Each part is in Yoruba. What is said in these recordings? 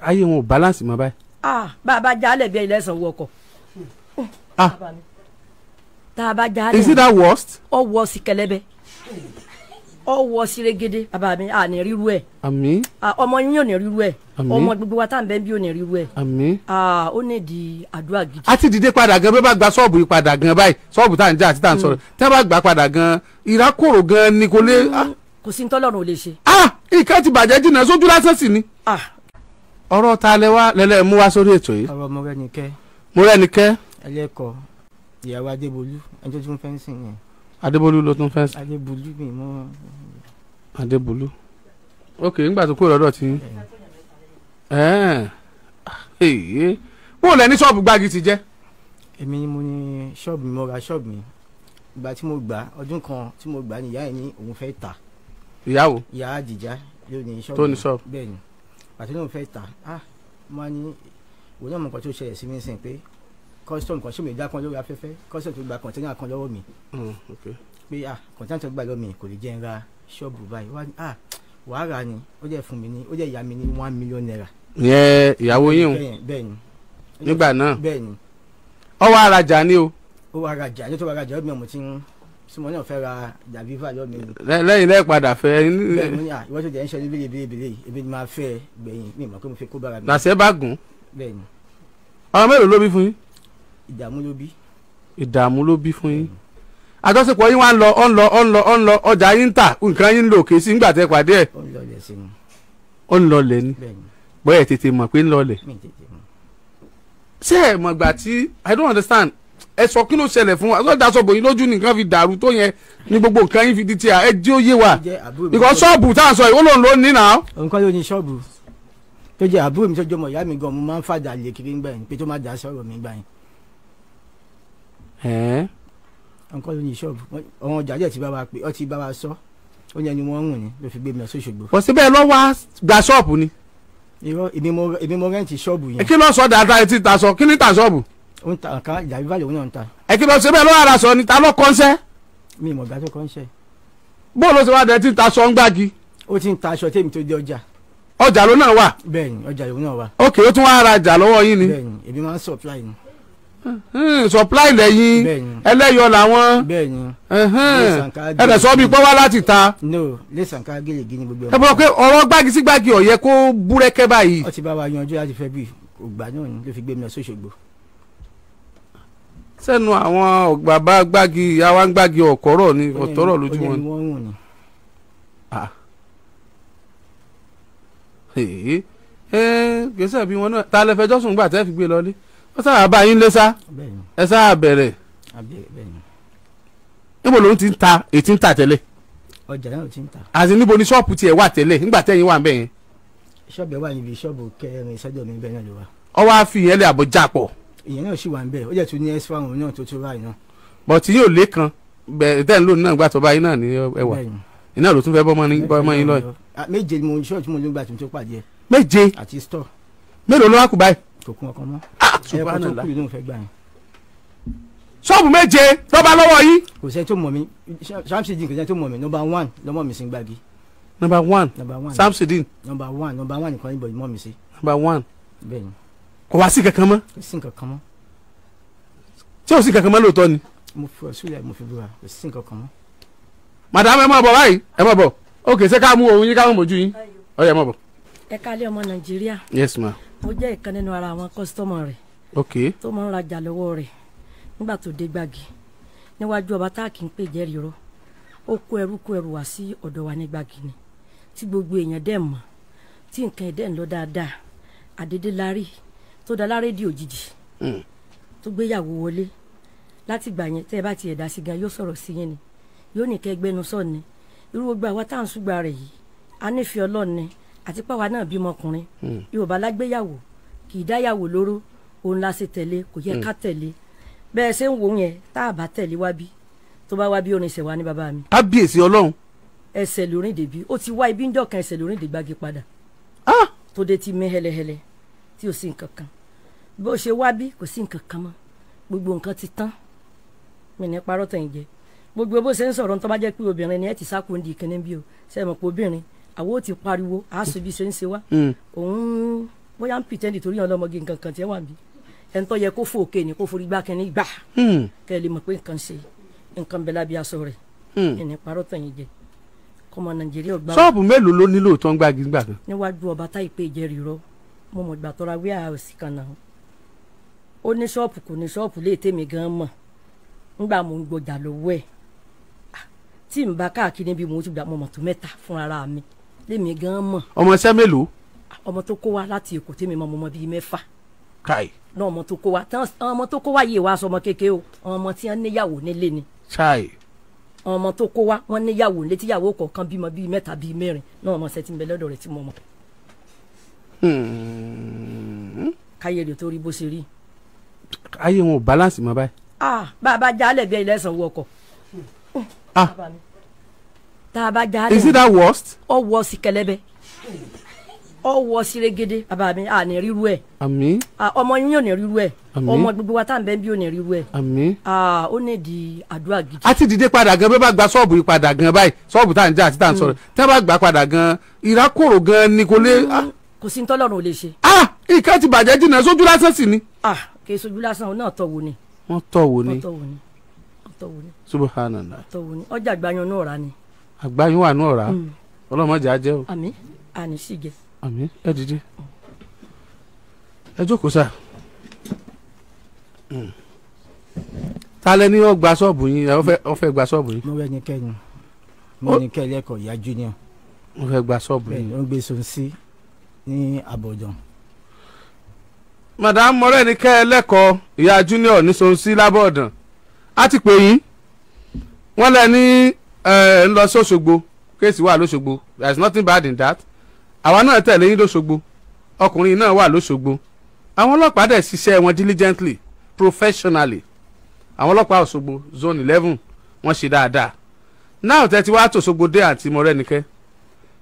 ayé wọn ò balance mọ́ báyìí. ah bá a bá jalè bí ilé ẹ̀sán wọkọ̀. ah tá a bá jalè. is it that worst. ọ wọ sí kẹlẹbẹ ọ wọ sí regede bàbá mi à ní ríru ẹ. àmín. ọmọ yín ò ní ríru ẹ. àmín ọmọ gbogbo wa tá à ń bẹ bí ò ní ríru ẹ. àmín. ó ní di àdúrà gidi. a ti dìde padà gan bí wọ́n bá gba ṣọ́ọ̀bù yìí padà gan báyìí ṣọ́ọ̀bù tá à ń jà àti tá à ń sọ̀rọ̀ mm. tí bá gbà padà gan ìrákòrò gan ni kò lè. Mm. Ah. kò sí ní ò lè ṣe. ah nǹkan ti bàjẹ́ jìnnà sójú lásán sì ni. ah ọ̀rọ̀ ta lẹ wá lẹ́lẹ́ mú wá sórí ètò yìí. ọ̀rọ̀ Mọ́rẹ́nikẹ́. Mọ́rẹ́nikẹ́. ẹlẹ́kọ̀ ìyàwó Adébólú ẹjọ́ tí mo fẹ́ ń sìn yẹn. Adébólú ló tún fẹ́ sìn. Adébólú mi mọ́. Adébólú ok nígbà tó kó lọ́dọ̀ tí. wọ́n lẹ ní ṣọ́ọ̀bù gbági ti jẹ́. èmi ni mo ní ṣọ́ọ̀bù mi mo ṣọ́ọ̀bù mi ìgbà tí mo gbà ọdún kan tí mo gbà níyà ẹ̀ ní òun fẹ́ ta. ìyàwó. ìyá àjìjá ló ní ṣọ́ọ̀bù bẹ́ẹ̀ ni àti náà fẹ́ tà á ah, máa ní òun náà mọ̀ nǹkan tó ṣẹlẹ̀ sí mi sìn pé custom kan ṣé mi dá kan lórí afẹ́fẹ́ custom tó gba container kan lọ́wọ́ mi hmm, pé ah container tó gbà lọ́wọ́ mi kò lè jẹ́ ń ra ṣọ́ọ̀bù báyìí wá ní ah wàá rà ni ó jẹ́ fún mi ní ó jẹ́ ìyá mi ní one million naira. ìyẹn ìyàwó yín o bẹ́ẹ̀ni nígbà náà bẹ́ẹ̀ni. ó wá rajà ni o. ó wá rajà ní tó wá rajà ó bí ọmọ tí ń tí mo náà fẹ́ ra jàbífà lọ́mọ mi. lẹ́yìn lẹ́yìn padà fẹ́. bẹ́ẹ̀ mo ní à ìwọ́n tó jẹ́ ń ṣe ní bèrè bèrè bèrè ebi ni máa fẹ́ gbẹ̀yìn mi mọ̀ pé mo fẹ́ kó bára mi. làṣẹ bá gùn. bẹ́ẹ̀ ni. ọmọ mélòó ló bí fún yín. ìdààmú ló bí. ìdààmú ló bí fún yín. àjọṣepọ̀ yín wá ń lọ ọ̀ ń lọ ọ̀ ń lọ ọ̀ ń lọ ọjà yín ń tà nǹkan yín ń lò kè sí ńgbà tẹ pàdé ẹ̀. ó ń lọlẹ̀ ni bọ́ẹ̀ tètè mọ̀ pé ń lọlẹ̀. ṣé ẹ̀ mọ̀gbà tí I don't understand ẹ sọ kí ló ṣẹlẹ̀ fún wa ẹ sọ da sọ́ọ̀bù yín lójú nìkan fi dàrú tó yẹn ní gbogbo nǹkan yín fi di tiẹ̀ ẹ jí ó yé wa because ṣọ́ọ̀bù tá à ń sọ yìí ó lòun ló ní nà. nǹkan ló ní ṣọ́ọ̀bù tó jẹ́ àbúrò mi tó jọmọ ìyá mi gan mo máa ń fàdà lè kiri gbà yín pé tó má dà sọ̀rọ̀ mi gbà yín. nǹkan ló ní ṣọ́ọ̀bù ọ̀hún ọjà jẹ́ ti bá wa pé ọ ti bá wa sọ ó yẹn ni wọ́n ń rùn ní ló fi gbé mi ó ń ta nǹkan ìjàmbá ìbàlẹ̀ òun náà ń ta. ẹ kí lọ sí bẹ́ẹ̀ lọ́wọ́ ara sọ ni ta ló kọ́ńṣẹ́. mi ì mọ̀ ìgbà tó kọ́ńṣẹ́. bó ló ṣe wá dẹ tí ń ta aṣọ ń gbági. ó ti ń ta aṣọ tèmi tó dé ọjà. ọjà ló náà wà. bẹ́ẹ̀ni ọjà ló náà wà. ok ó tún wá ra ọjà lọ́wọ́ yín ni. bẹ́ẹ̀ni èmi máa ń supply ni. Hmm, supply lẹ́yìn ẹlẹ́yọ làwọn. bẹ́ẹ̀ni ẹ̀rẹ̀ sọ bí pọ́wá láti ta. no lẹ́sàn ká gèlègé ni gbogbo ọmọ. ẹ bọ́ pé ọ̀rọ̀ gbági sí gbági ó yẹ kó búrẹ́kẹ́ báyìí. ó ti bá wa yanjú sẹ́nu àwọn ọ̀gbàbá gbági àwa ń gbági ọ̀kọ́rọ̀ ni ọ̀tọ́rọ̀ lójú wọn. gbèsè bí wọn náà ta lẹ fẹjọ́ sùn gbà tẹ́ fi gbé lọ ní wọ́n sábà bá yín lé sá ẹ sábà bẹ̀rẹ̀ níbo ló ń ti ń ta ètí ń ta tẹ́lẹ̀ ọjà náà ti ń ta. àti níbo ni ṣọ́ọ̀pù tiẹ̀ wà tẹ́lẹ̀ nígbà tẹ́yìn wà ń bẹ̀ yẹn. ṣọ́ọ̀bù wà níbi ṣọ́ọ̀bù kẹrin sọ́jọ́ mi bẹ́ẹ̀ náà ló wà. ọwọ́ á fi ìyẹn pọ̀ ìyẹn náà sì wà ń bẹ̀ ó jẹ́ tó ní extra òun náà tó tó báyìí náà. bọ̀ tí yóò lé kan bẹ́ẹ̀ tẹ́ ń lò náà gbà báyìí náà ní ẹwà iná ló tún fẹ́ bọ́ ọmọ yín lọ́ọ̀. Ah, méje ni mo ṣọ́ọ̀tì mo ló gbà tó pàdé ẹ. méje àti store. mélòó ló wá kú báyìí. kò kún ọkàn mọ́. Ah, ẹ̀kọ́ tó kúrò ló ń fẹ́ ṣọ́ọ̀bù méje lọ́ba lọ́wọ́ yìí. kò sẹ́ni tó mọ̀ mí samsidin kò sẹ́ni tó mọ̀ mí nọmba one lọ́mọ mi sí gbági. nọmba one samsidin. nọmba one nọmba one nìkan níbo mọ̀ mí sí. nọmba one. bẹ́ẹ̀ni kò wá sí kankan mọ́. kò sí kankan mọ́. tí o sì kankan mọ́ lóòótọ́ ni. mo fi ọ̀ṣun yà mo fi búra kò sí kankan mọ́. madam ẹ máa bọ̀ báyìí ẹ máa bọ̀ ok ṣé ká mú òun yín ká mú bójú yín ó yá máa bọ̀. ẹ kálẹ̀ ọmọ nàìjíríà. yes ma. mo jẹ́ ìkan nínú ara àwọn kọ́sítọ́mọ̀ rẹ̀. ok tó máa ń rajà lọ́wọ́ rẹ̀ nígbà tó dé gbàgì níwájú ọba tá a pè jẹ́rìí rọ ó kó ẹrú kó ẹrú wá sí ọ̀dọ̀ wa ní gbàgì ni tí gbogbo èèyàn dẹ̀ mọ̀ tí nǹkan ẹ̀ dẹ̀ ń lọ dáadáa àdédé la rí tó da lárédíò jìjì hmm. tó gbéyàwó wọlé láti gbà yẹn tẹ́ ẹ bá ti ẹ̀dá sí gan yóò sọ̀rọ̀ sí yẹn ni yóò ní kẹ́ gbẹnu sọ̀ ni irú gbogbo àwa tá à ń súgbà rẹ̀ yìí a nífẹ̀ẹ́ ọlọ́ọ̀ni àti pàwa náà bímọ ọkùnrin hmm. Yorùbá lágbéyàwó kì í dáyàwó lóró òun la ṣe tẹ̀lé kò yẹ hmm. ká tẹ̀lé bẹ́ẹ̀ ṣe ń wò yẹn tá a bá tẹ̀lé wá bí tó bá wá bí orin ṣẹ̀wá ní bàbá mi. kábíyèsí ọlọ́run. ẹsẹ̀ lórin dèbí ó ti wá ibi ń jọ̀kan ẹsẹ̀ lórin dègbàgì padà. Ah! tó dé ti mí hẹlẹhẹlẹ tí ò sí nǹkan kan bó ṣe wá bí kò sí nǹkan kan mọ́ gbogbo nǹkan ti tán mi ní parọ́ tẹ̀ jẹ gbogbo bó ṣe ń sọ̀rọ̀ tó bá jẹ́ pé obìnrin ni ẹ ti sáko ndì kíní bí o ṣe mọ̀ pé obìnrin àwọn ò ti pariwo àásù bí ṣe ń ṣe wá hmm. òun bóyá ń pìtẹ́ndì torí àwọn ọlọ́mọge nǹkan kan tiẹ̀ wà mí ẹni tó yẹ kó fò òkè ni kó forí gbá kíní gbà hmm. kẹ́ ẹ lè mọ̀ pé nǹkan ṣe nǹkan bẹ́ẹ̀ lábí aṣọ rẹ̀ hmm. mi ní parọ́ tẹ̀ ń jẹ kọmọ nàìjíríà gbà. ṣọ́ọ̀bù mélòó ló nílò tó ń gbági gbà. níwájú ọba táìpé ìjẹ́rìí rọ́ mo mọ̀ ìgbà tó ra wíà òsì kan náà ó ní ṣọ́ọ̀pù kò ní ṣọ́ọ̀pù lè tèmi gan mọ̀ ńgbà mo ń gbọjà lọ́wọ́ ẹ̀ ah, tí n bá káàkiri bí mo ti gbà mo mọ̀ tó mẹ́ta fún ara mi lèmi gan mọ̀. ọmọ iṣẹ́ mélòó. Ah, ọmọ tó kó wa láti èkó tèmi mọ ọmọ bíi mẹ́fà. káì. náà ọmọ tó kó wa tán ọmọ tó kó wa yìí wá sọmọ kékeré o ọmọ tí wọn níyàwó nílé ni. káì. ọmọ tó kó wa wọn níyàwó nílé tíyàwó kọ̀ọ̀kan bímọ bíi mẹ́ta bíi mẹ́rin náà ọmọ ṣẹ́ ti ń bẹ rẹ̀ tí mo mọ̀ káyé rè tó bó ṣe rí. ayé wọn ò balance mọ báyìí. ah bá a bá jálẹ̀ bí ilẹ̀ ẹ̀sán wọkọ̀. ah tá a bá jálẹ̀. is it that worst. ọ wọ sí kẹlẹbẹ ọ wọ sí regede bàbá mi à ní ríru ẹ. àmín. Ah, ọmọ yín yóò ní ríru ẹ. àmín ọmọ gbogbo wa tá à ń bẹ bí yóò ní ríru ẹ. àmín. Ah, ó ní di àdúrà gidi. a ti dìde padà gan bẹ́ẹ̀ bá gba ṣọ́ọ̀bù yìí padà gan báyìí ṣọ́ọ̀bù tá à ń jà àti tá à ń sọ̀rọ̀ mm. tí wọ́n bá gbà padà gan ìrákòrò gan ni kò lè. Ah kò sí tọ́lọ́run ò lè ṣe. ah ìka ti bàjẹ́ jìnnà sójú lásán sì ni. ah kì í sojú lásán òun náà tọ̀ wò ni. wọ́n tọ̀ wò ni. wọ́n tọ̀ wò ni. wọ́n tọ̀ wò ni. subahánàlá. wọ́n tọ̀ wò ni ọjà àgbáyan náà rà ni. àgbáyan wà náà rà hmm. ọlọ́mọdé á jẹ́ o. àmín àní sì jẹ. àmín ẹ dìde ẹ jókòó sá hmm. ta lẹ ní ó gba ṣọ́ọ̀bù yín ó fẹ́ gba ṣọ́ọ̀bù yín. mo rẹ ní kẹyìn mo ní kẹyìn ẹkọ ìyá junior. mo fẹ́ gba ṣọ́ọ̀bù yín. ó ń gbé sọ́nsí ní Abọ́jàn. madam moreni kẹ́ ẹ lẹ́kọ̀ọ́ ìyá junior ní Ṣọ̀ún lábọ́ọ̀dàn á ti pè yín wọ́n lẹ ní ẹ ń lọ sí Òṣogbo kéèsì wà lóṣogbo there is nothing bad in that àwa náà tẹ̀lé yín lóṣogbo ọkùnrin náà wà lóṣogbo àwọn ọlọ́pàá dẹ̀ ṣiṣẹ́ wọn diligently professionally àwọn ọlọ́pàá Òṣogbo zone eleven wọ́n ṣe dáadáa náà tẹ́ ti wá tòṣogbo dé àti mọ̀rẹ́nikẹ́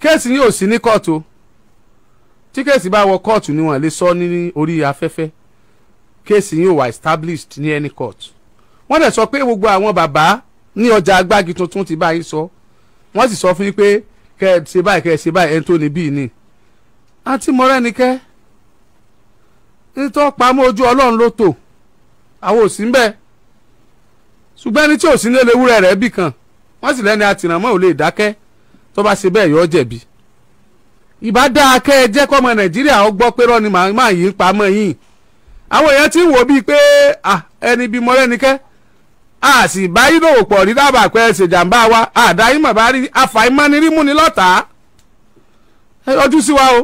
kéèsì yìí ò sí ní kóòtù o tí kéèsì bá wọ kóòtù ni wọ́n lè sọ ní orí afẹ́fẹ́ kéèsì yóò wà established ní any court wọ́n dẹ̀ sọ pé gbogbo àwọn bàbá ní ọjà agbági tuntun ti báyìí sọ wọ́n sì sọ fún yín pé kẹ́ ẹ ṣe báyìí kẹ́ ẹ ṣe báyìí ẹni tó ní bíi ni àti mọ́rẹ́nikẹ́ nítọ́ pamọ́ ojú ọlọ́run ló tò àwọn ò sí ń bẹ̀ ṣùgbọ́n ẹni tí ò sí ní ewúrẹ́ rẹ̀ bì kan wọ́n sì lẹ́ni àtìrànmọ́ ò lè dákẹ́ tó bá ṣe bẹ́ẹ̀ yọ ọ́ jẹ̀bi ìbá dáa kẹ́ ẹ jẹ́ kọ́mọ nàìjíríà ó gbọ́ pé rọ́ọ̀nì màmá yìí ń pamọ́ yìí àwọn èèyàn ti ń wò bíi pé ẹni bímọ lẹ́nikẹ́ a sì bá yín lòwò pọ̀ rí dábàá pé ṣèjàmbá wa àdáyé màbá rí àfàìmániri múni lọ́tàá ẹ yọjú sí wa o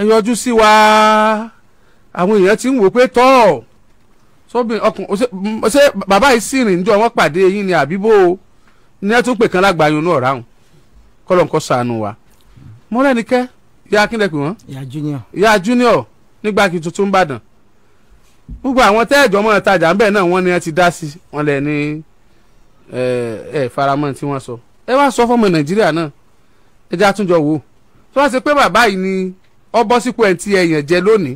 ẹ yọjú sí wa àwọn èèyàn ti ń wò pé tọ́ sóbìn ọkùnrin ṣé bàbá yìí sì rìn níjọ́ wọn pàdé yín ni àbíbó ni ẹ tún pè kán lágbàáyún náà ráhùn kọ́lọ̀ sànù wa mọ́rẹ́nikẹ́ ìyá akíndẹ̀pẹ̀ wọ́n. ìyá junior. ìyá junior nígbà kí tuntun bàdàn gbogbo àwọn tẹ́ẹ̀jọ́ mọ́ ìtajà ńbẹ̀ náà wọ́n ní ẹ ti dá sí wọn lẹ̀ ní ẹ ẹ faramọ́ tí wọ́n sọ ẹ wá sọ fọmọ nàìjíríà náà ẹ já túnjọ wò tó wá sí pé bàbá yìí ni ọ bọ́ sípò ẹ̀ tí ẹ̀yàn jẹ lónìí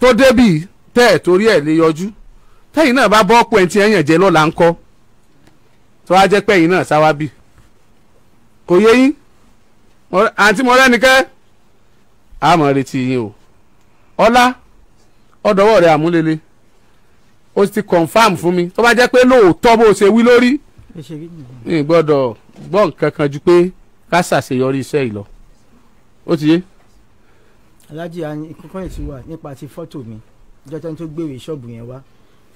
tó débì tẹ́ ẹ̀ torí ẹ̀ lè yọjú tẹ́yìn náà bá bọ́ pò ẹ̀ tí ẹ̀yàn jẹ lọ́la ńkọ́ tó wá jẹ́ pẹ́yìn náà sáwá bì kò yé yín àǹtí Mọ́rẹ́nikẹ́ àmọ́ retí yín o ọlá ọdọwọ́ rẹ àmúlélẹ̀ ó ti confam fún mi tó bá jẹ́ pé lóòótọ́ bó ṣe wí lórí ní gbọ́dọ̀ gbọ́ nǹkan kan ju pé ká ṣàṣeyọrí iṣẹ́ yìí lọ ó ti yé. alájí ìkọ́kọ́ yẹn ti wà nípa ti fọ́tò mi ọjọ́ tó ń tó gbèrè ṣọ́ọ̀bù yẹn wá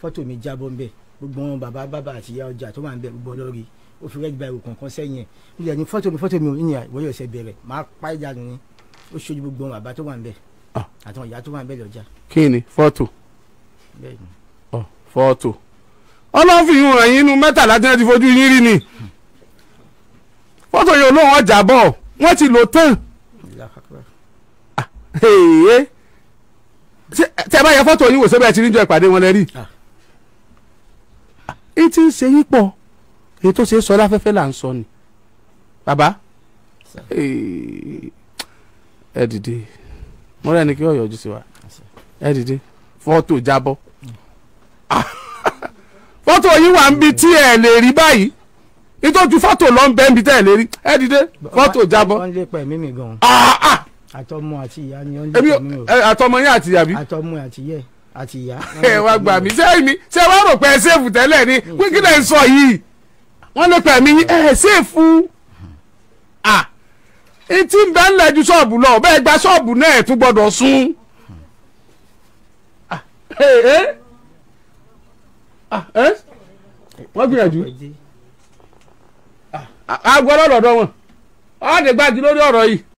fọ́tò mi jábọ́ ń bẹ̀ gbogbo wọn bàbá bàbá àtìyá ọjà tó wà ń bẹ̀ gbogbo lórí ó fi rẹ́gbà ìwò kankan sẹ́yìn ẹ̀ ó yẹ ní fọ́tò mi fọ́tò mi ò ní ìwọ́yọ̀ ṣe bẹ̀rẹ̀ máa pa ìjà nù ni ó ṣojú gbogbo àwọn bàbá tó wà ń bẹ̀ ah. àtàwọn ìyá tó wà ń bẹ̀ lọ́jà. kí ni fọ́tò oh, fọ́tò ọlọ́fin hàn yín inú mẹ́tàlá tí wọ́n ti fojú yín rí ni fọ́tò yóò lóun ọjà bọ̀ wọ́n ti lò tán ah, eh. tẹ bá yẹ fọ́tò yín wò sẹ́bẹ̀ ẹ̀ ti níjọ ìpàdé wọn lẹ́rìí. ìtì ah. ń ṣe yín pọ̀. èyí tó ṣe é sọ láfẹ́fẹ́ là ń sọ ni bàbá ẹ dìde mo rẹ́ ni kí ọ̀yọ́ ojú sí wa ẹ dìde fọ́tò jábọ́ mm. fọ́tò yìí wà ń bi tí ẹ lè rí báyìí nítòjú fọ́tò ló ń bẹ́ ń bi tẹ́ ẹ lè rí ẹ dìde fọ́tò jábọ́. wọ́n ah, ah. àtọmọ àti ìyá ni wọ́n lè pẹ̀ mí àtọmọ yín àti ìyá bí. àtọmọ àti ìyá àti ìyá. ẹ wá gbà mí sẹ́yìn mi rò pé ẹ tẹ́lẹ̀ ni pé kí sọ yìí. wọ́n lè pẹ̀mí ẹ̀ ṣèfù à etí ń bẹ ń lẹ́jú ṣọ́ọ̀bù lọ bẹ́ẹ̀ gba ṣọ́ọ̀bù náà ẹ̀ tún gbọ́dọ̀ sún wọ́n gbìyànjú agbọ́dọ̀ lọ́dọ̀ wọn ọ́n ti gbájú lórí ọ̀rọ̀